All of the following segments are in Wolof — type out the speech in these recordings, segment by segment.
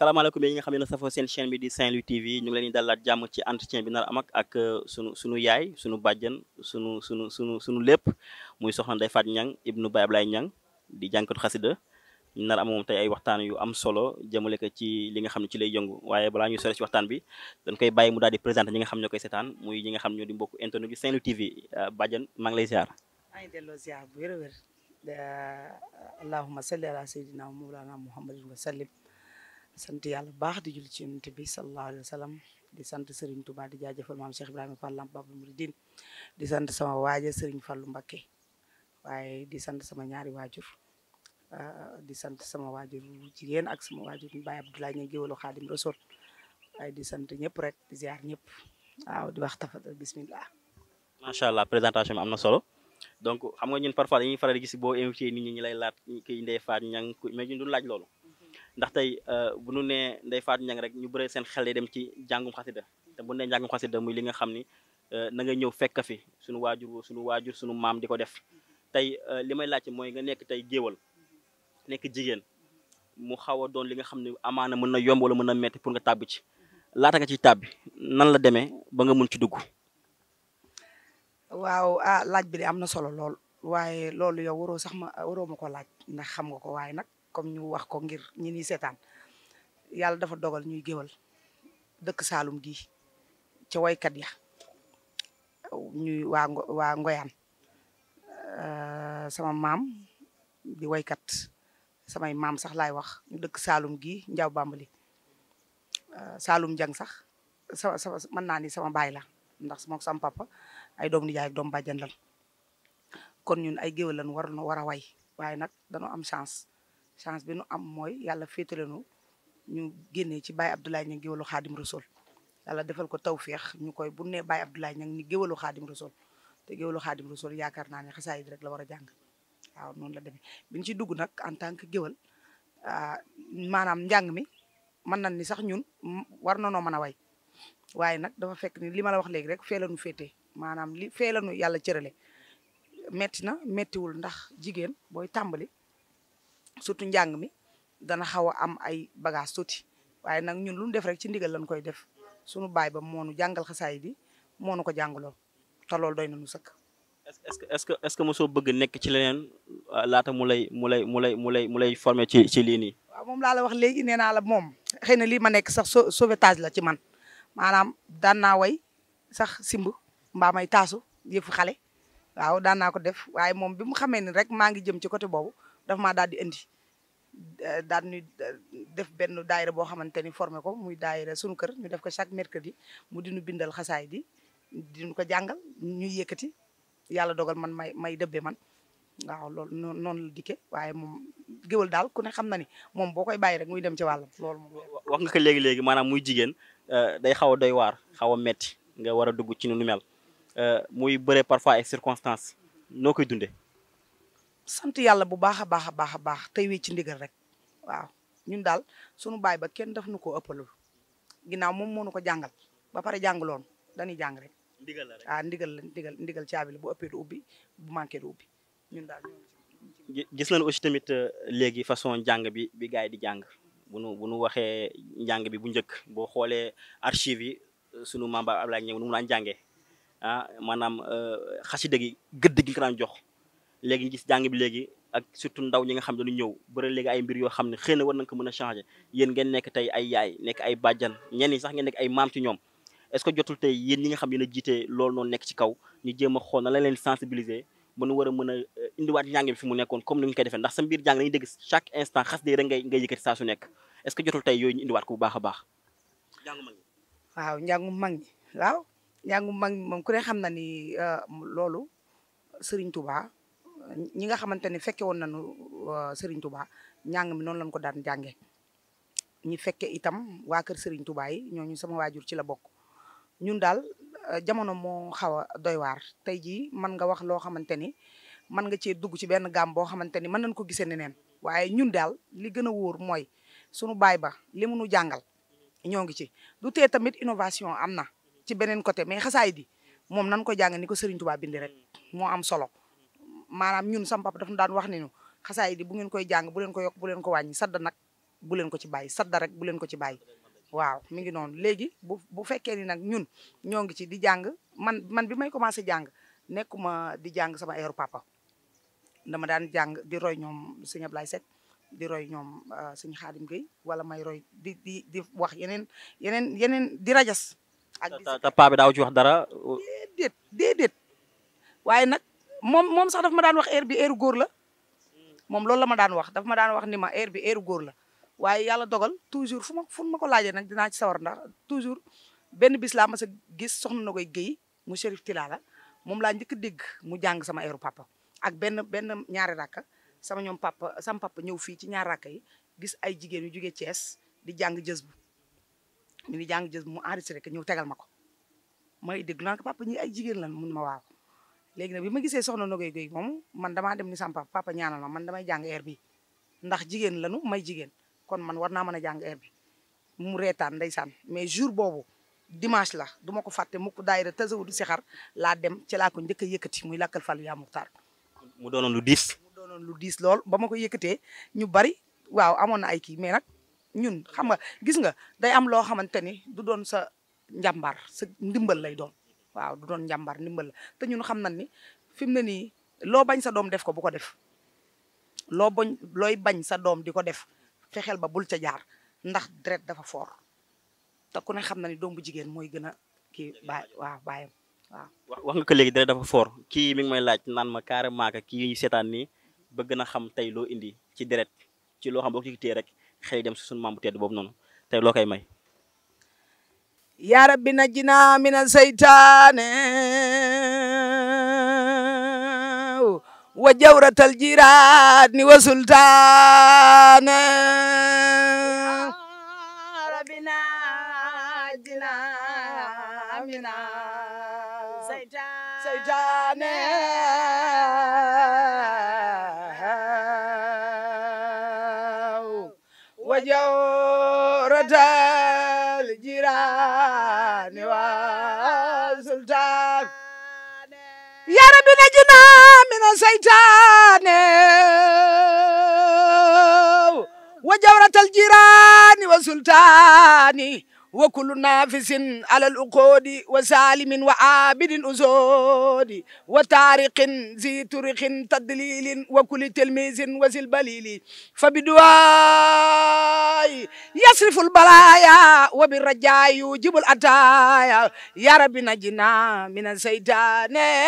salaamaaleykum yi nga xam ne na safoo seen chaîne bi di Saint Louis TV ñu ngi leen di dalaat jàmm ci entretien bi nar am ak euh, sunu sunu yaay sunu bàjjan sunu sunu sunu sunu lépp muy soxna Ndeye Fatou Niang ibnu Baye lay Niang di jànkatu xasida ñu nar am moom tey ay waxtaan yu am solo jëmale ko ci li nga xam ne ci lay yëngu waaye balaa ñuy sore ci waxtaan bi dañ koy bàyyi mu daal di présenté ñi nga xam ne ñoo koy seetaan muy ñi nga xam ne ñoo di mbokk internet yu Saint Louis TV euh, bàjjan maa ngi lay ziar. maa ngi delloo ziar a wér euh, allahumma salli ala sayyidina wa mawlana muhammadin wa sant yàlla bu baax di jul ci yonent bi sallallahu alayhi wa di sant Serigne Touba di jaajëfal maam Cheikh Ibrahima Fall Lamp Babul Mouridine di sant sama waaja Serigne fallu mbake waaye di sant sama ñaari waajur ah, di sant sama waajur jigéen ak sama waajur Baye Abdoulaye ñu géwalu Xaadim Rasul waaye di sant ñëpp rek di ziar ñëpp waaw di wax tafadal bismillah macha allah présentation bi am na solo donc xam nga ñun parfois dañuy faral di gis boo invité nit ñi ñu lay laat kii Ndeye Fatou laaj loolu ndax tey euh, bu nu nee Ndeye Fatou Niang rek ñu bëre seen xel dem ci jàngum xasida te bu nee jàngum xasida muy li nga xam ni euh, na nga ñëw fekk fi suñu waajur suñu waajur suñu maam di ko def tey euh, li may laajte mooy nga nekk tey géwal nekk jigéen mu xaw a doon li nga xam ne amaana mën na yomb wala mën na metti pour nga tàbbi ci laata nga ciy tàbbi nan la demee ba nga mën ci dugg waaw ah laaj bi de am na solo lool waaye loolu yow waroo sax ma waroo ma ko laaj ndax xam ko waaye nag comme ñu wax ko ngir ñi ni seetaan yàlla dafa dogal ñuy géwal dëkk Saalum gi ca waykat ya ñuy waa waa Ngoyaan sama maam di waykat samay maam sax laay wax ñu dëkk Saalum gi Njaaw Bambali Saalum jang sax sama sama mën naa ni sama baay la ndax moom sama papa ay doom nijaay ak doom bàjjan lan kon ñun ay géwal lan war na war a way waaye nag am chance chance bi nu am mooy yàlla féetale nu ñu génne ci Baye Abdoulaye Niang géwalu xaadim rasul yàlla defal ko tawféex ñu koy bu nee Baye Abdoulaye Niang ni géwalu xaadim rasul te géwalu xaadim rasul yaakaar naa ne xasaayid rek la war a jàng waaw noonu la demee biñ ci dugg nag en tant que géwal ah, maanaam njàng mi mën nañ ni sax ñun war na noo mën a way waaye nag dafa fekk ni li ma la wax léegi rek fee la féetee maanaam li fee la nu yàlla cërale metti na mettiwul ndax jigéen tàmbali surtout njàng mi dana xaw a am ay bagage tuuti waaye nag ñun lu ñu def rek ci ndigal lañ koy def sunu baay ba moonu jàngal xasaay bi moonu ko jàngaloo te loolu doy nañu sëkk. est-ce que est-ce que mosoo bëgg nekk ci leneen euh, laata mu lay mu lay mu lay mu lay mu lay formé ci ci lii nii. waaw moom laa la wax léegi nee naa la moom xëy na lii ma nekk sax sauvetage la ci man maanaam daan naa way sax simb mbaa may taasu yëfu xale waaw daan naa ko def waaye moom bi mu xamee ni rek maa ngi jëm ci côté boobu. dafa maa daal di indi euh, daal ñu def benn daayira boo xamante ni formé ko muy daayira sunu kër ñu def ko chaque mercredi mu di nu bindal xasaay di diñu ko jàngal ñu yëkkati yàlla dogal man may may dëbbe man waaw loolu noonu la dikkee waaye moom géwal daal ku ne xam na ni moom boo koy bàyyi rek muy dem ci wàllam lool moom wax nga ko léegi-léegi maanaam muy jigéen euh, day xaw a doy waar xaw a metti nga war a dugg ci nu mel euh, muy bëre parfois ay circonstances noo koy dundee sant yàlla bu baax a baax a baax a baax tey wee ci ndigal rek waaw ñun daal sunu baay ba kenn def nu ko ëppalul ginaaw moom moo nu ko jàngal ba pare jàngaloon dañuy jàng rek. ndigal la rek ah ndigal la ndigal ndigal caabi bu ëppee du ubbi bu manqué du ubbi ñun daal. gis nañu aussi tamit euh, léegi façon jàng bi bi gars yi di jàng bu nu bu nu waxee njàng bi bu njëkk boo xoolee archive yi euh, sunu membre Ablaye ñëw nu mu daan jàngee ah maanaam euh, xasida gi gëdd gi jox. léegi ñu gis jàng bi léegi ak surtout ndaw ñi nga xam ne dañu ñëw bëri léegi ay mbir yoo xam ne xëy na war nañ ko mën a changer yéen ngeen nekk tey ay yaay nekk ay bàjjan ñenn ñi sax ngeen nekk ay maam ci ñoom est-ce que jotul tey yéen ñi nga xam yéen a jiitee loolu noonu nekk ci kaw ñu jéem a xool na la leen sensibiliser ba nu war a mën a euh, indiwaat njàng bi fi mu nekkoon comme ni ñu koy defee ndax sa mbir jàng lañuy dégg chaque instant xas de rek ngay ngay yëkkati saa su nekk est-ce que jotul tey yooyu ñu indiwaat ko bu baax a baax njàngu mag ñi waaw njàngu mag ñi waaw njàngu mag ñi moom ku ne xam na ni euh, loolu Serigne Touba ñi nga xamante ni fekke woon nañu Serigne Touba njàng mi noonu lañ ko daan jànge ñi fekke itam waa kër Serigne Touba yi ñooñu sama waajur ci la bokk ñun daal euh, jamono moo xaw a doy waar tey jii mën nga wax loo xamante ni mën nga cee dugg ci benn gàmm boo xamante ni mën nañ ko gisee neneen waaye ñun daal li gën a wóor mooy sunu baay ba li mu jàngal ñoo ngi ci du tee tamit innovation am na ci beneen côté mais xasaay di moom nan ko jàng ni ko Serigne Touba bindi rek moo am solo maanaam ñun sama papa dafa daan wax ne ñu xasaay di bu ngeen koy jàng bu leen ko yokk bu leen ko wàññi sadda nag bu leen ko ci bàyyi sadda rek bu leen ko ci bàyyi waaw mi ngi noonu léegi bu bu fekkee ni nag ñun ñoo ngi ci di jàng man man bi may commencé jàng nekkuma di jàng sama eeru papa dama daan jàng di roy ñoom sëñ Ablaye set di roy ñoom euh, sëñ Xaadim Gueye wala may roy di di di wax yeneen yeneen yeneen di rajas ak ta paa bi daaw ci wax dara déedéet déedéet moom moom sax dafa ma daan wax heure bi heure góor la moom loolu la ma daan wax dafa ma daan wax ni ma heure bi heure góor la waaye yàlla dogal toujours fu ma fu ma ko laajee nag dinaa ci sawar ndax toujours benn bis laa ma sa gis soxna na koy géy mu Chérif Tilala moom laa njëkk dégg mu jàng sama heure papa ak benn benn ñaari rakka sama ñoom papa sama papa ñëw fii ci ñaari rakka yi gis ay jigéen yu jógee Thiès di jàng jës bu ñu di jàng jës bu mu enregistré que ñëw tegal ma ko may dégg naa ko papa ñi ay jigéen lan mun ma waaw léegi nag bi ma gisee soxna Nogay Guèye moom man damaa dem ni sama papa papa ñaanal man damay jàng air bi ndax jigéen lanu may jigéen kon man war naa mën a jàng bi mu reetaan ndeysaan mais jour boobu dimanche la du ma ko fàtte mukk daayira tasawudu sixar laa dem ci laa ko njëkk a muy lakkal Fallou yaa Muxtaar mu doonoon lu diis mu doonoon lu diis lool ba ma ko yëkkatee ñu bari waaw amoon na ay kii mais nag ñun xam nga gis nga day am loo xamante ni du doon sa njàmbaar sa ndimbal lay doon waaw du doon njàmbar ndimbal la te ñun xam na ni fi mu ne nii loo bañ sa doom def ko bu ko def loo bañ looy bañ sa doom di ko def fexeel ba bul ca jaar ndax dret dafa fort te ku ne xam na ni doom bu jigéen mooy gën a kii baay waaw baayam waaw. wax nga ko léegi deret dafa foor kii mi ngi may laaj naan ma carrément que kii seetaan nii gën a xam tey loo indi ci deret ci loo xam boo ko ci téye rek xëy dem si sunu maam bu tedd boobu noonu tey loo koy may. يا رب نجنا من الشيطان وجورة الجيران وسلطان ربنا نجنا من الشيطان najna mina saytaane wa jawratal jiraani wa sultaani wa kullu naafisin alal uqoodi wa saalimin wa aabidin usoodi wa taariqin zi turiqin tadlilin wa kulli tilmisin wa sil balili fa biduwaay yasrifu lbalaaya wa birrajaay yujibu lataaya ya rabbi najina min asaytaane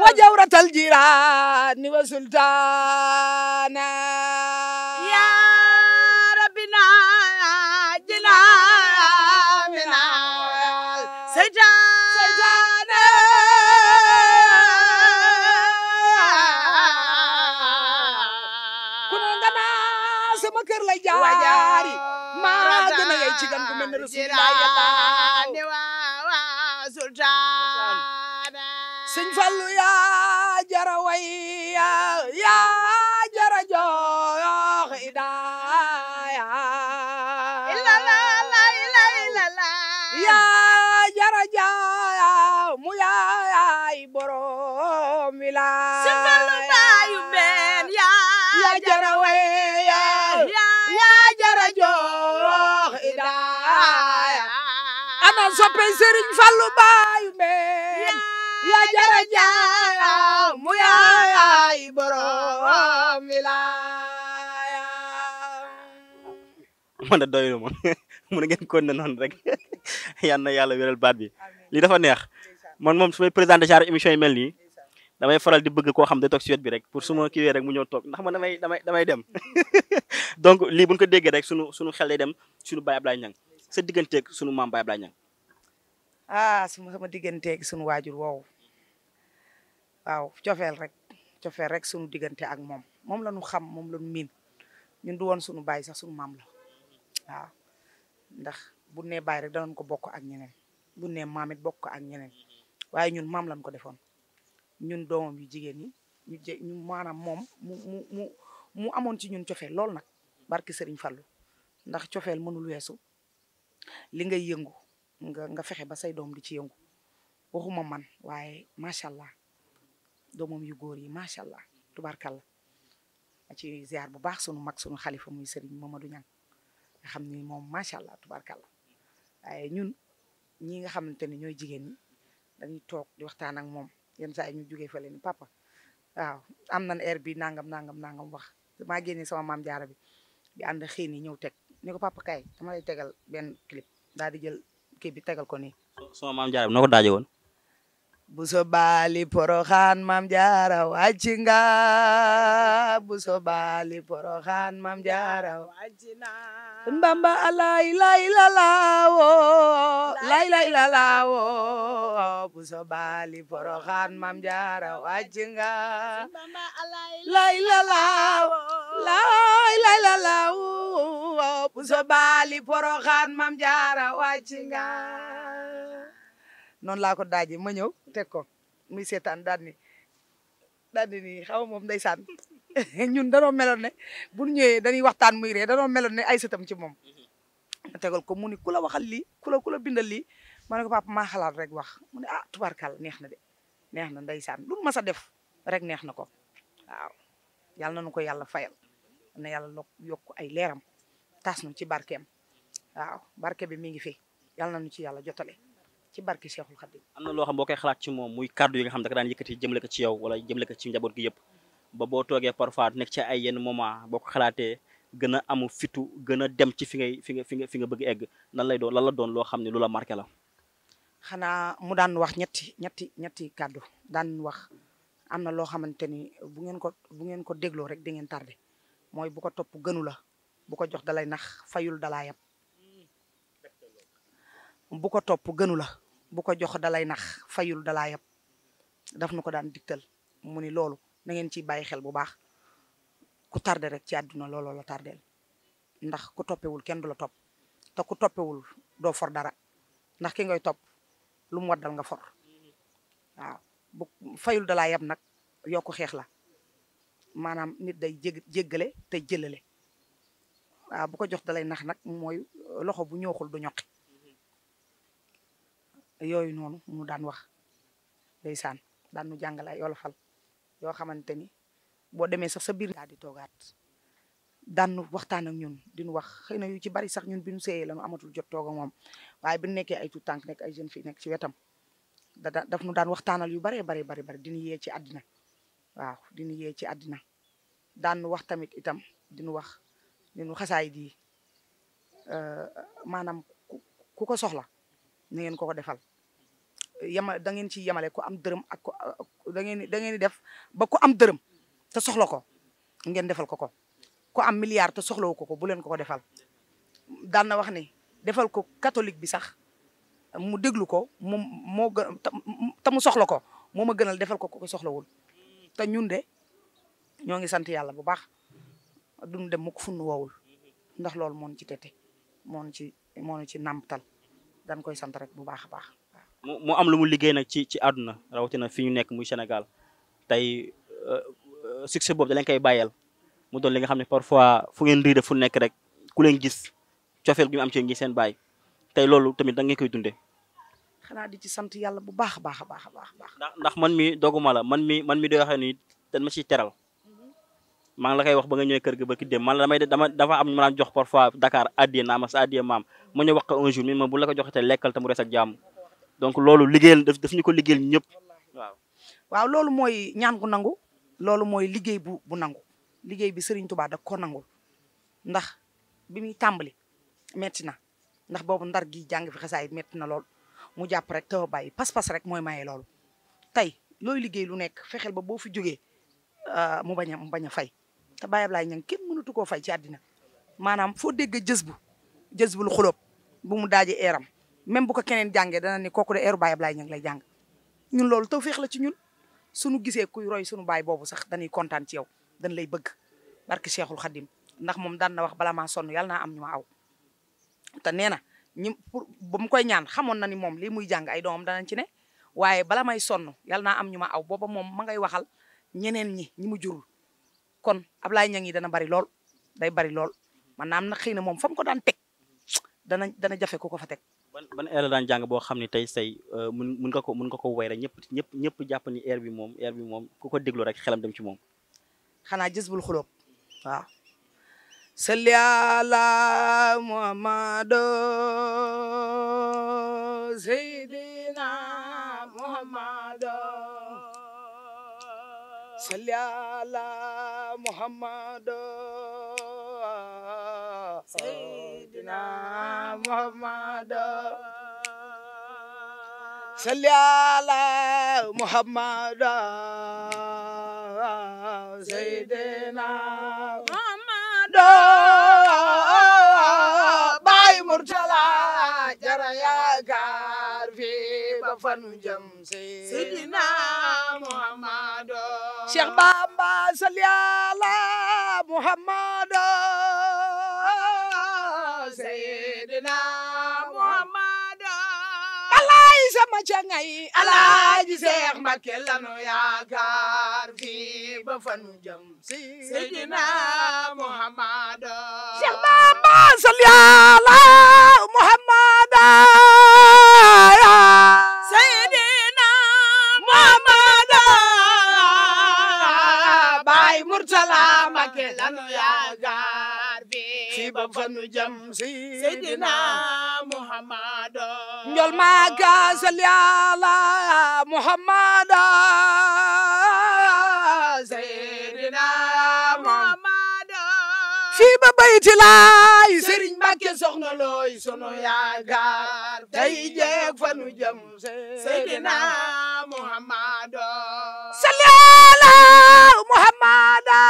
wa jawratal jiraani wa sultaana cikan ku mel ne rasulullahi sultaan sëñ Fallu yaa jara way soppey Serigne Fallou baayu meen ya jara jaaya mu yaay borom wilaaya man da doylu ma mu ngeen kon ne noonu rek yal na yàlla wéral baat bi li dafa neex man moom su may présenté genre émission yi mel nii damay faral di bëgg koo xam ne toog si wet bi rek pour su ma kiiwee rek mu ñëw toog ndax ma damay damay damay dem donc lii bu ñu ko déggee rek sunu sunu xel day dem sunu Baye Ablaye Niang sa digganteeg sunu maam Baye Ablaye Niang ah suma sama digganteeg sunu waajur woowu waaw cofeel rek cofeel rek sunu diggante ak moom moom la ñu xam moom la ñu miin ñun du woon sunu baay sax sunu maam la waaw ndax bu ne baay rek danañ ko bokk ak ñeneen bu ne maam bokk ak ñeneen waaye ñun maam lañ ko defoon ñun doomam yu jigéen ñi ñu je ñu maanaam moom mu mu amoon ci ñun cofeel lool nag barki sëriñ Fallou ndax cofeel mënul weesu li ngay yëngu. nga nga fexe ba say doom di ci yëngu waxuma man waaye macha allah doomam yu góor yi macha allah tubaarkàlla ci ziar bu baax sunu mag sunu xalifa muy Serigne Mamadou Niang a xam ni moom macha allah tubaarkàlla waaye ñun ñi nga xamante ne ñooy jigéen ñi dañuy toog di waxtaan ak moom yenn saa yi ñu jugee fa leen papa waaw am nañ air bi nangam nangam nangam wax maa génnee sama maam jaara bi di ànd xëy ni ñëw teg ni ko papa kay dama tegal benn clip daal kii bi tegal ko nii. suma maam jaara bi noo woon. buso baali poroxaan maam jaara wàcc nga baali poroxaan maam jaara wàcc lay la buso baali poroxaan mam jaara wàcc nga noonu laa ko daaje ma ñëw teg ko muy seetaan daal ni daal ni nii xaw moom ndeysaan ñun danoo meloon ne bu ñu ñëwee dañuy waxtaan muy ree danoo meloon ne ay sëtam ci moom ma tegal ko mu ni ku la waxal lii ku la ku la bindal lii ma ne ko papa maa xalaat rek wax mu ah tubaarkàlla neex na de neex na ndeysaan lu mu mas a def rek neex na ko waaw yàlla nañu ko yàlla fayal na yàlla yokk ay leeram taas nu ci barkeem waaw barke bi mu ngi fi yàlla na nu ci yàlla jotale ci barke Cheikhul Khadim. am na loo xam boo koy xalaat ci moom muy yi nga xam ne daan yëkkati jëmale ko ci yow wala jëmale ko ci njaboot gi yëpp ba boo toogee parfois nekk ci ay yenn moment boo xalaatee gën a amu fitu gën a dem ci fi ngay fi nga fi nga fi nga bëgg egg nan lay doon lan la doon loo xam ne lu la marqué la. xanaa mu daan wax ñetti ñetti ñetti kàddu daan wax am na loo xamante ni bu ngeen ko bu ngeen ko dégloo rek di ngeen tardé mooy bu ko topp gënu la bu ko jox dalay nax fayul dalaayam mm. bu ko topp gënu la bu ko jox dalay nax fayul dalaayam daf nu ko daan digtal mu ni loolu na ngeen ciy bàyyi xel bu baax ku tardé rek ci àdduna looloo la tardeel ndax ku toppewul kenn du la topp te ku toppewul doo for dara ndax ki ngay topp lu mu waddal nga for mm-hmm. waaw bu fayul dalaa yam nag yokku xeex la maanaam nit day jég jéggale te jëlale waaw ah, bu ko jox lay nax nag mooy euh, loxo bu ñooxul du ñoqi mm-hmm. yooyu noonu mu daan wax ndeysaan daan nu jàngal ay olofal yoo xamante ni boo demee sax sa biir daal di toogaat daan nu waxtaan ak ñun di wax xëy na yu ci bari sax ñun bi ñu seeyee la amatul jot toog moom waaye bi nekkee ay tuut tànk nekk ay jeune fille nekk ci wetam da daf nu daan waxtaanal yu baree bare bari bari dinu yee ci àddina waaw dinu yee ci daan nu wax tamit itam dinu wax ñun xasaayid yi euh, maanaam ku ko soxla na ngeen ko ko defal yama dangeen ci yemale ko am dërëm ak da ngeen da ngeen def ba ko am dërëm te soxla ko ngeen defal ko ko ku am milliard te soxlawu ko ko bu leen ko ko defal daan na wax ni defal ko katolik bi sax mu déglu ko moom moo gën mu soxla ko moo ma gënal defal ko ko soxlawul te ñun de ñoo ngi sant yàlla bu baax duñ dem mukk fu nu wowul ndax loolu moon ci tete moon ci moonu ci nàmptal dañ koy sant rek bu baax a baax. mu am lu mu liggéey nag ci ci àdduna rawatina fi ñu nekk muy Sénégal tey euh, succès boobu da koy bàyyeel mu doon li nga xam ne parfois fu ngeen riide fu nekk rek ku leen gis cofeel gi am ci ngi seen bàyyi tey loolu tamit da ngeen koy dundee. xanaa di ci sant yàlla bu baax a baax a baax a baax. ndax man mi doguma la man mi man mi di waxee ma ciy teral. maa ngi la koy wax ba nga ñëwee kër ga ba dem man la damay dafa am ñu ma a jox parfois Dakar addiye naa ma sa addiye maam ma ñëw wax ko un jour mi ma bu la ko joxee te lekkal te res ak jàmm donc loolu liggéeyal daf daf ñu ko liggéeyal ñëpp waaw. waaw loolu mooy ñaan gu nangu loolu mooy liggéey bu bu nangu liggéey bi Serigne Touba da ko nangul ndax bi muy tàmbali metti na ndax boobu ndar gi jàng fi xasaay metti na lool mu jàpp rek taw bàyyi pas rek mooy maye loolu tey looy liggéey lu nekk fexeel ba boo fi jógee euh, mu bañ bañ a te Baye Ablaye Niang kenn mënatu koo fay ci àddina maanaam foo dégg jës bu jës bu lu xulóob bu mu daaje eeram même bu ko keneen jàngee dana ni kooku de eeru Baye Ablaye Niang lay jàng ñun loolu tawféex la ci ñun suñu gisee kuy roy suñu baay boobu sax dañuy kontaan ci yow dañ lay bëgg barki Cheikhul Khadim ndax moom daan na wax bala maa sonn yàlla naa am ñu ma aw te nee na ñi pour ba mu koy ñaan xamoon na ni moom lii muy jàng ay doomam danañ ci ne waaye bala may sonn yàlla naa am ma aw booba kon Ablaye Niang yi dana bari lool day bari lool maanaam na xëy moom fa mu ko daan teg dana jafe ku ko fa teg. ban ban daan jàng boo xam ne tey say euh, mun mun nga ko mun nga ko wéy rek ñëpp ñëpp ñëpp bi moom air bi moom ku ko déglu rek xelam dem ci moom. xanaa jës bul xulóob waaw. salli ala muhammado seydina muhammad صل على محمد سيدنا محمد صل على محمد سيدنا fanu jam seydina muhammado cheikh bamba salli ala muhammado seydina muhammado alay sama cangay alaaji cheikh mbakke lanu yaakaar fi ba fanu jam seydina muhammado cheikh bamba salli ala muhammado fanu jam seydina muhammada seydina muhammada fi ba bayti laay sëriñ Mbàkke soxna looy sunu yaakaar tey jeeg fanu jam seydina muhammada salli ala muhammada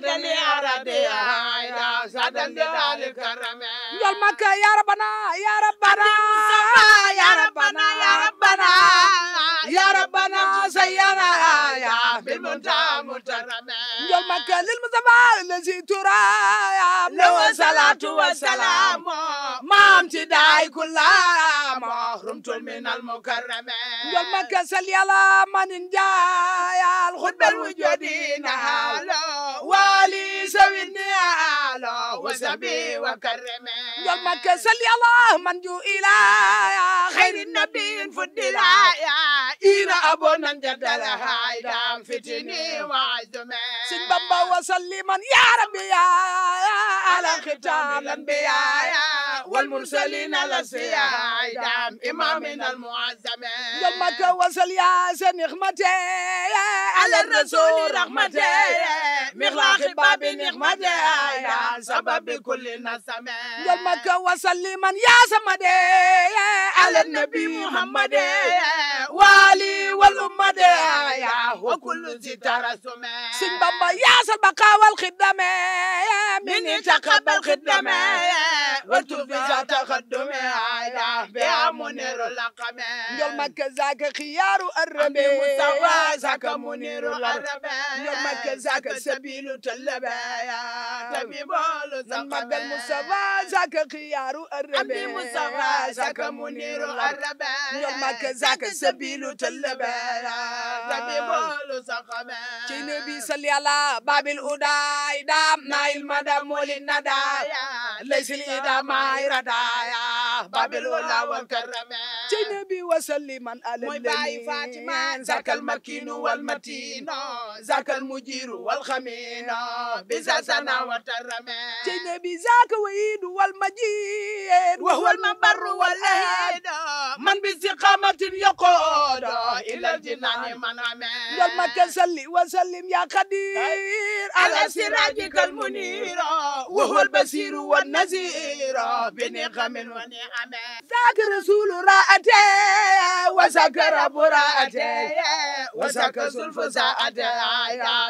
سدن يا ربي يا سدن جلال الكرم يا المكة يا ربنا يا ربنا يا ربنا بالمنتهى مترمى نجول مكة للمصطفى الذي ترى له الصلاة والسلام ما امتداي كلها محرمة من المكرمة نجول مكة سلي على من جاء الخطبة الوجودين هالو والي سوينا له وسبي وكرمه يوم مكة صلي الله من جو إلى خير النبي فدلا يا إلى أبونا جدلها دام فتني وعزمه sëriñ Bamba wa salliman ya rabbi ya ala khitaam anbiya wal mursalin ala siyam imamin al muazzam ya makka wa sal ya sa nixmate ala rasul rahmate mixlaqi babi nixmate ya sababi kulli nasame ya makka wa salliman ya samade ala nabi muhammade wali wàllu madee yaa wakkulu si tara sume sin bamba yaasal bakaawal xiddame mini taqabal xiddame watu bisa taqaddume aya be amunero laqame njol makke zaka khiyaaru arabe mustafa zaka munero arabe njol makke zaka sabilu talabe ya tabibolu zaqabe mustafa zaka khiyaaru arabe mustafa zaka munero arabe njol makke zaka sabilu talabe ci nabi salli ala babil uday dam nail madam molin nada laysili da mai radaya babil wala wal karama rabbi wasalliman ala mooy bàyyi Fatima zakal makinu wal matino zakal mujiru wal xamino bisa sana wa tarame ci nabi zaka wayidu wal majid wa huwa al mabarru wal ahid man bi istiqamatin yaqodo ila al jinani man ame yal makka salli wa sallim ya qadir ala sirajika al munira wa huwa al basiru wan nazira bi niqamin wa ni'ama zaka rasulu ra'ate وسكر براءته وسكر سلف ساعته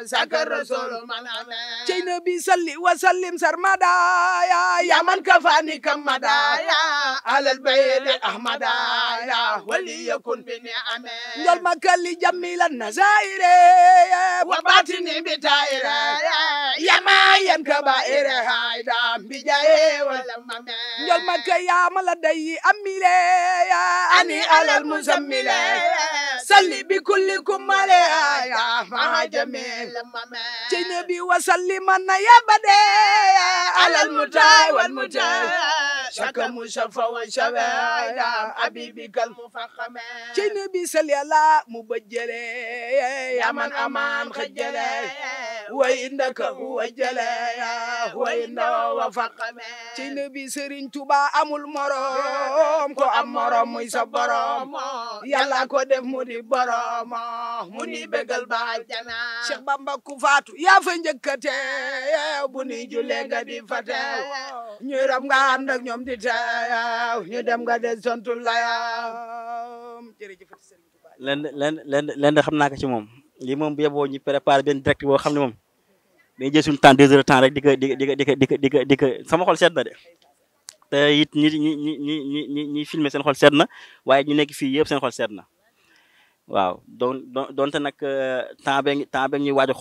سكر رسول من أمين جي نبي صلي وسلم سرمدا يا من كفاني كمدا على البيد الأحمد وليكن بني أمين نول مكالي جميل النزائر وباتني بتائر يا ما ينكبائر هايدا بجاي ولا ممين نول مكالي يا ملدي أميلي أني على المزمل صلي بكلكم عليها مع جميل تنبي وسلم يا بدي على المتاع والمتاع شكا مشفى وشبايا حبيبي كالمفخم جنبي سليلا مبجلي يا من أمان خجلي وإنك هو جلي وإنه وفقم جنبي سرين توبا أمول مروم كو أم مروم ويسا بروم يلا كو دف مدي بروم مدي بقل باجنا شيخ بامبا كفاتو يا فنجكتي بني جلي قدي فتاو نيرم غاندك نيوم am ñu dem nga de sontu layaw um, jërëjëf Serigne Touba len lenn lenn xam naa ko ci moom lii moom bi yeboo ñu préparé benn direct boo xam ne moom dañuy jël suñu temps deux heures temps rek di ko di ko di di ko di di sama xol seet de te it ñi ñi ñi ñi ñi ñi ñi filmé seen xol seet na waaye ñu nekk fii yëpp seen xol seet na waaw doon doon doonte nag euh, temps bee temps bee ñuy waaj a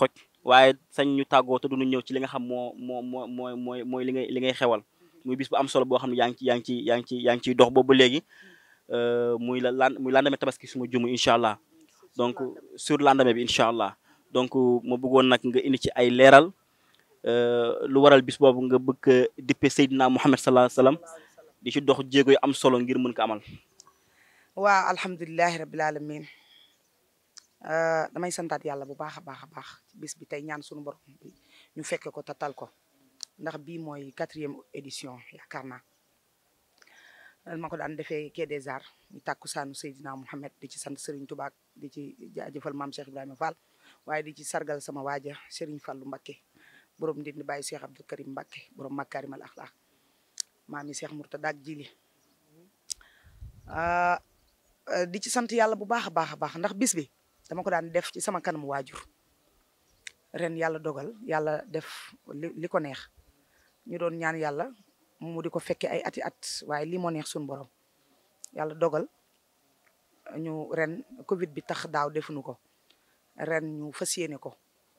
waaye sañ ñu tàggoo te duñu ñëw ci li nga xam moo moo moo mooy mooy mooy li ngay li ngay xewal muy bis bu am solo boo xam ne yaa ngi ci yaa ngi ci yaa ngi ci yaa ngi ciy dox boobu ba euh, muy la lan muy lendemain tabaski suma jumu incha allah donc sur la lendemain bi incha allah donc ma bëggoon nag nga indi ci ay leeral euh, lu waral bis boobu nga bëgg dippe Seydina Muhammad sallallahu alayhi wasallam di ci dox jéego am solo ngir mën ko amal. waaw alhamdulilahi rabil alamin euh, damay santaat yàlla bu baax a baax a baax bis bi tey ñaan sunu borom ñu fekke ko tatal ko. ndax bii mooy quatrième édition yaakaar naa ma ko daan defee quai des arts ñu tàkku saanu Seydina Mouhamed di ci sant Serigne Touba di ci jaajëfal maam Cheikh Ibrahima Fall waaye di ci sargal sama waaja Serigne Fallou Mbakke borom ndindi bàyyi Cheikh Abdou Karim Mbakke borom Makarimal Akhlaq maam yi seex Mourtada ak Jili ah, di ci sant yàlla bu baax a baax a baax ndax bis bi dama ko daan def ci sama kanamu waajur ren yàlla dogal yàlla def li ko neex. ñu doon ñaan yàlla mu di ko fekke ay ati at waaye lii moo neex suñu borom yàlla dogal ñu ren Covid bi tax daaw defuñu ko ren ñu fas yéene ko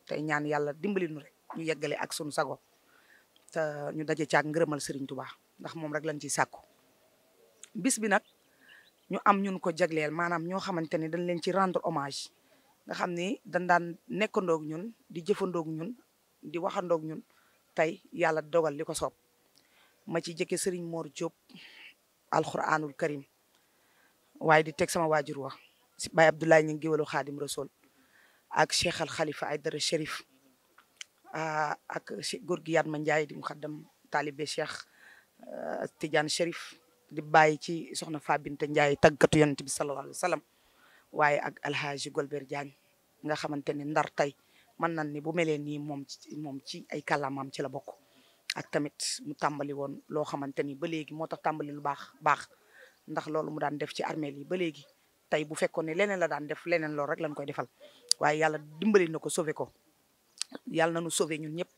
tey ñaan yàlla dimbali nu rek ñu yeggale ak suñu sago te ñu daje caag ngërëmal Serigne Touba ndax moom rek lañ ci sàkku bis bi nag ñu am ñun ko jagleel maanaam ñoo xamante ne dañ leen ci rendre hommage nga xam ni dañ daan nekkandoog ñun di jëfandoog ñun di waxandoog ñun tey yàlla dogal li ko soob ma ci jëkke sëriñ Mor Diop alxuraanul karim waaye di teg sama waajur wa si Baye Abdoulaye ñu ngi géwalu xaadim rasul ak Cheikh al Khalifa Aydara Chérif ak góor gi Yatma Ndiaye di mu xaddam taalibe Cheikh euh, Tidiane Chérif di bàyyi ci soxna Fabinte Ndiaye tàggatu yonent bi sallallahu alayhi waaye ak alhaaji Golbert Diagne nga xamante ne ndar tey mën nan ni bu melee nii moom ci moom ci ay kàllaamaam ci la bokk ak tamit mu tàmbali woon loo xamante ni ba léegi moo tax tàmbali lu baax baax ndax loolu mu daan def ci armeel yi ba léegi tey bu fekkoon ne leneen la daan def leneen loolu rek lañ koy defal waaye yàlla dimbali na ko sauvé ko yàlla na nu sauvé ñun ñëpp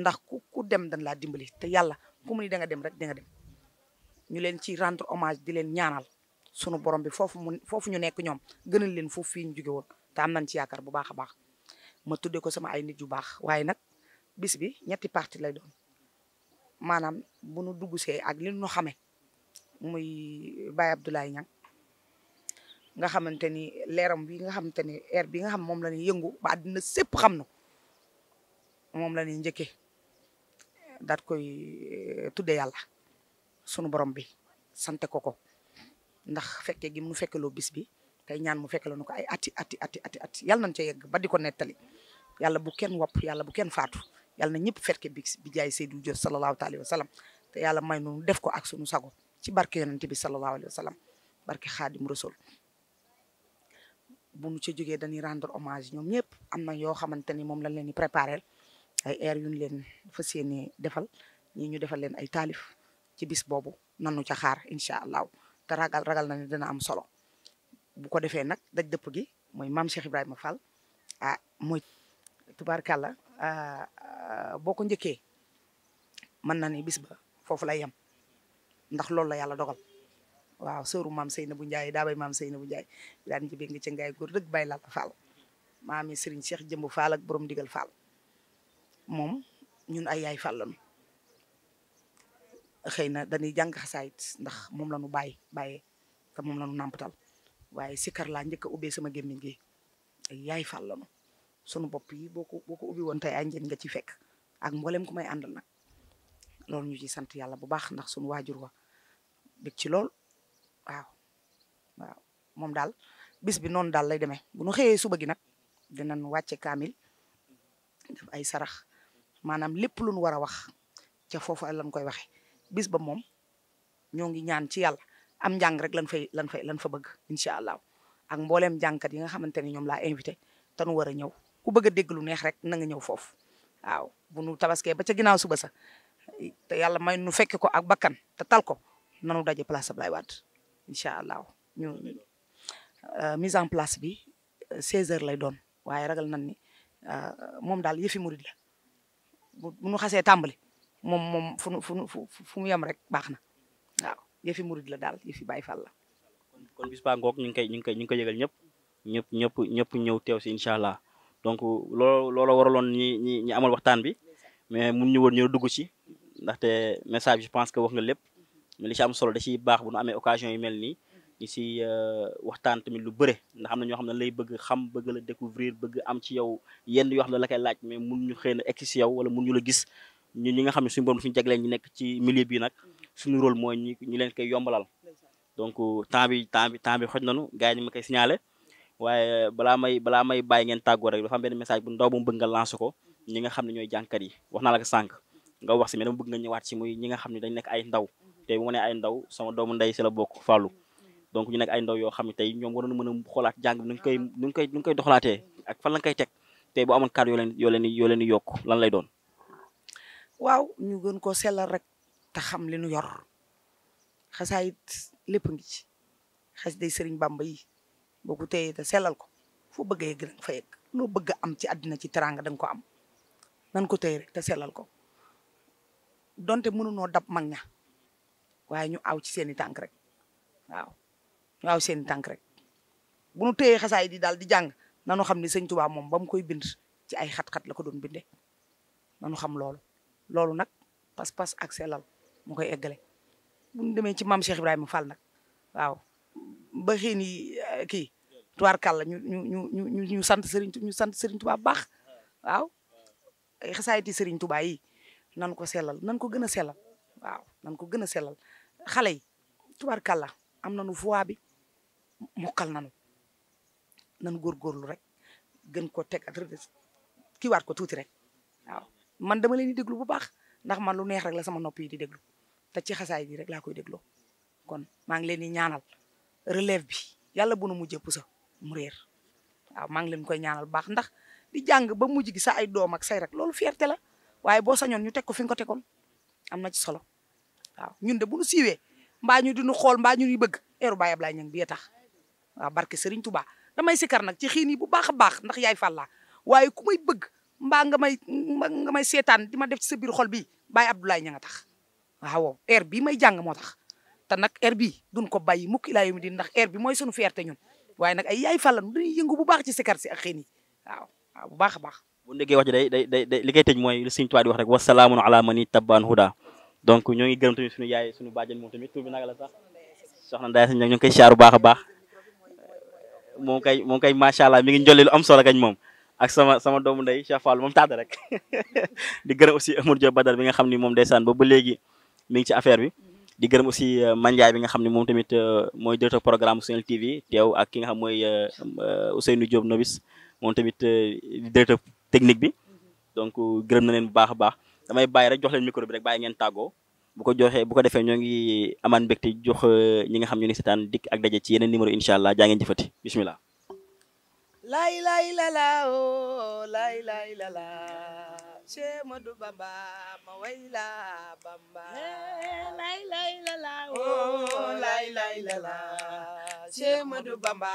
ndax ku ku dem dañ laa dimbali te yàlla ku mu ni da nga dem rek danga dem ñu leen ci rendre hommage di leen ñaanal sunu borom bi foofu mu foofu ñu nekk ñoom gënal leen foofu fii ñu jóge woon te nañ ci yaakaar bu baax a baax ma tudde ko sama ay nit yu baax waaye nag bis bi ñetti parti lay doon maanaam bu nu dugg see ak li nu xamee muy Baye Abdoulaye Niang nga xamante ni leeram bi nga xamante ni air bi nga xam moom la ñuy yëngu ba sépp xam na moom la ñuy njëkkee daat koy eh, tudde yàlla sunu borom bi sante ko ko ndax fekkee gi mu fekkeloo bis bi tey ñaan mu fekkeloo nu ko ay ati ati ati ati ati yàlla nañ ca yegg ba di ko nettali yàlla bu kenn wopp yàlla bu kenn faatu yàlla na ñëpp fekk bi bi jaay Seydou Diop sallallahu alayhi wa sallam te yàlla may nu def ko ak su sunu sago ci barke yonent bi sallallahu alayhi wa sallam barke Xaadim Rasul bu nu ci jógee dañuy rendre hommage ñoom ñëpp am na yoo xamante ni moom lañ leen di préparé ay air yu ñu leen fas yéene defal ñii ñu defal leen ay taalif ci bis boobu nanu ca xaar incha allah te ragal ragal na ne dina am solo bu ko defee nag daj dëpp gi tubaarkàlla ah, ah, boo ko njëkkee mën na ni bis ba foofu lay yam ndax loolu la yàlla dogal waaw sëru maam bu njaay daa bay maam Seynabou Ndiaye daan jibee nga ci ngaay góor dëgg bàyyi laal Fall maam yi Serigne Cheikh Jëmb borom digal Fall moom ñun ay yaay Fall lañu xëy na dañuy jàng xasaayit ndax moom la ñu bàyyi bàyyee te moom la ñu nàmpatal waaye sikar laa njëkk a ubbee sama gémmiñ gi ay yaay Fall lañu sunu bopp yi boo ko boo ko ubbi woon tey ay njëriñ nga ci fekk ak mboolem ku may àndal nag loolu ñu ci sant yàlla bu baax ndax sunu waajur wa bég ci lool waaw waaw moom daal bis bi noonu daal lay demee bu nu xëyee suba gi nag dinañ wàcce kaamil ay sarax maanaam lépp lu nu war a wax ca foofu lañ koy waxe bis ba moom ñoo ngi ñaan ci yàlla am njàng rek lan fay lan fay lan fa bëgg incha allah ak mbooleem njàngkat yi nga xamante ne ñoom laa invité te nu war a ñëw ku bëgg a dégg neex rek na nga ñëw foofu waaw bu nu tabaskee ba ca ginaaw suba sax te yàlla may nu fekke ko ak bakkan te tal ko nanu daje place Ablaye Wade incha allah ñu euh, mise en place bi 16 euh, heures lay doon waaye ragal nan ni euh, moom daal yëfi murid la bu nu xasee tàmbali moom moom fu nu fu fu mu yem rek baax na waaw yëfi murid la daal yëfi Baay Faal la. kon bis baa ngoog ñu ngi koy ñu ngi koy ñu ngi koy yëgal ñëpp ñëpp ñëpp ñëpp ñëw teew si incha allah. donc looloo looloo waraloon ñi ñi ñi amal waxtaan bi mais mun ñu woon ñu dugg ci ndaxte message je pense que wax nga lépp mais li ci am solo da ciy baax bu nu amee occasion yi mel nii ñu ci euh, waxtaan tamit lu bëre ndax am na ñoo xam ne lay bëgg xam bëgg la découvrir bëgg am ci yow yenn yoo xam ne la kay laaj mais mun ñu xëy na egg ci yow wala mun ñu la gis ñu ñi nga xam ne suñu borom suñu jagleen ñi nekk ci milieu bi nag suñu rôle mooy ñu leen koy yombalal donc temps bi temps bi temps bi xoj nañu gars yi ni waaye euh, balaa may balaa may bàyyi ngeen tàggoo rek dafa am message bu ndaw bu mu bëgg nga lancer ko ñi nga xam ne ñooy jànkat yi wax naa la ko sànq nga wax si mais dama bëgg nga ñëwaat si muy ñi nga xam ne dañ nekk ay ndaw tey bu ma nee ay ndaw sama doomu ndey si la bokk Fallou donc ñu nekk ay ndaw yoo xam ne tey ñoom waroon na mën a xoolaat jàng bi nu ñu koy nu koy nu ñu koy doxalaatee la ñu koy teg tey bu amoon kàddu yoo leen yoo leen yoo leen yokk lan lay doon waaw ñu gën koo sellal rek ta xam li ñu yor xasaayit lépp ngi ci xas day sëriñ Bàmba yi boo ko téyee te sellal ko foo bëgg a yegg danga fa yegg loo bëgg a am ci àddina ci teraanga danga ko am nan ko téye rek te sellal ko donte mënunoo dab mag ña waaye ñu aw ci seeni tànk rek waaw ñu aw seeni tànk rek bu nu téyee xasaay di daal di jàng nanu xam ni sëñ Tuubaa moom ba mu koy bind ci ay xat-xat la ko doon bindee nanu xam loolu loolu nag pas-pas ak selal mu koy eggale bu ñu demee ci maam Cheikh mu Fall nag waaw ba kii tubaarkàlla ñu ñu ñu ñu sant Serigne ñu sant Serigne Touba baax waaw ay xasaayiti Serigne Touba yi nan ko sellal nan ko gën a sellal waaw nan ko gën a sellal xale yi tubaarkàlla am nañu voix bi mokkal nañu nan góorgóorlu rek gën ko teg at kii waat ko tuuti rek waaw man dama leen di déglu bu baax ndax man lu neex rek la sama nopp yi di déglu te ci xasaay bi rek laa koy dégloo kon maa ngi leen di bi yàlla bu mujj mujjee pusa mu réer waaw maa ngi leen koy ñaanal baax ndax di jàng ba mujj gi sa ay doom ak say rek loolu fierté la waaye boo sañoon ñu teg ko fi nga ko tegoon am na ci solo waaw ñun de bu nu mbaa ñu di nu xool mbaa ñu ñu bëgg eeru Baye Ablaye Niang bi tax waaw barke Serigne Touba may sikar nag ci xiin yi bu baax a baax ndax yaay fàllaa waaye ku may bëgg mbaa nga may nga may seetaan di ma def ci sa biir xol bii Baye Abdoulaye Niang a tax waaw eer bii may jàng moo tax te nag air bi duñ ko bay mukk ilaa yawmi di ndax air bi mooy sunu fierté ñun waaye nag ay yaay fàllan dañuy yëngu bu baax ci sikar si ak xëy waaw bu baax a baax bu ndéggee wax ji day day day li koy tëj mooy li Sëriñ Tuubaa di wax rek wasalaamun ala mani tabbaan huda donc ñoo ngi gërëm suñu yaay suñu bàjjen moom tamit tur bi naka la sax soxna Nday Sañ nag ñu ngi koy siyaaru baax a baax moom kay moom kay macha allah mi ngi njolli lu am solo kañ moom ak sama sama doomu ndey Cheikh Fall moom tàdd rek di gërëm aussi Amadou Diop Badar bi nga xam ni moom ndeysaan ba ba léegi mi ngi ci affaire bi di gërëm aussi euh, Mandiaye bi nga xam ne moom tamit euh, mooy directeur programme Senel TV teew ak ki nga xam mooy euh, Ousseynou Diop Nobis moom tamit directeur technique bi donc gërëm na leen bu baax a baax damay bàyyi rek jox leen micro rek bàyyi ngeen tàggoo bu ko joxee bu ko defee ñoo ngi amaan mbégte jox ñi nga xam ñu ni seetaan dikk ak daje ci yeneen numéro incha allah jaa ngeen jëfati bisimilah. lay lay la la o oh, lay lay la Cheikh Modou Bamba ma way la Bamba eh, lay lay la la oh, oh lay lay la la Cheikh Modou Bamba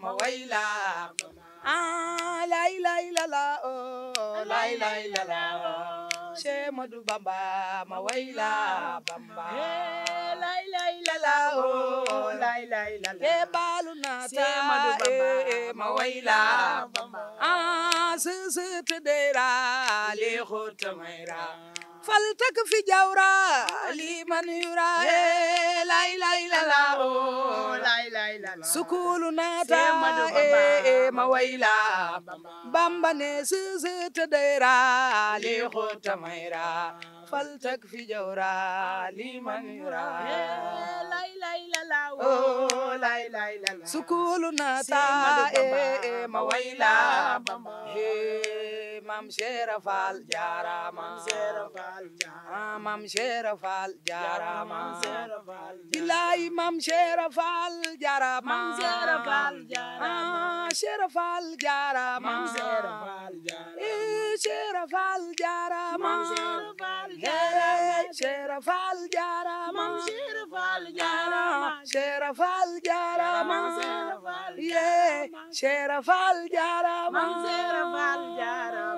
ma way la Bamba ah lay lay la la oh lay lay la ma way Bamba lay lay la la oh lay lay la balu na ta eh, eh, ma way Bamba ah su su le khot mai فلتك في جورا لمن يرى لا إله إلا الله لا إله إلا الله سكولنا تا ما ويلا بامبا نسيس تديرا لخوت ميرا فلتك في جورا لمن يرى لا إله إلا الله لا إله إلا الله سكولنا تا ما ويلا بامبا mam Cheikh Fall jaarama mam mam Cheikh Fall jaarama Cheikh Fall jaarama jaarama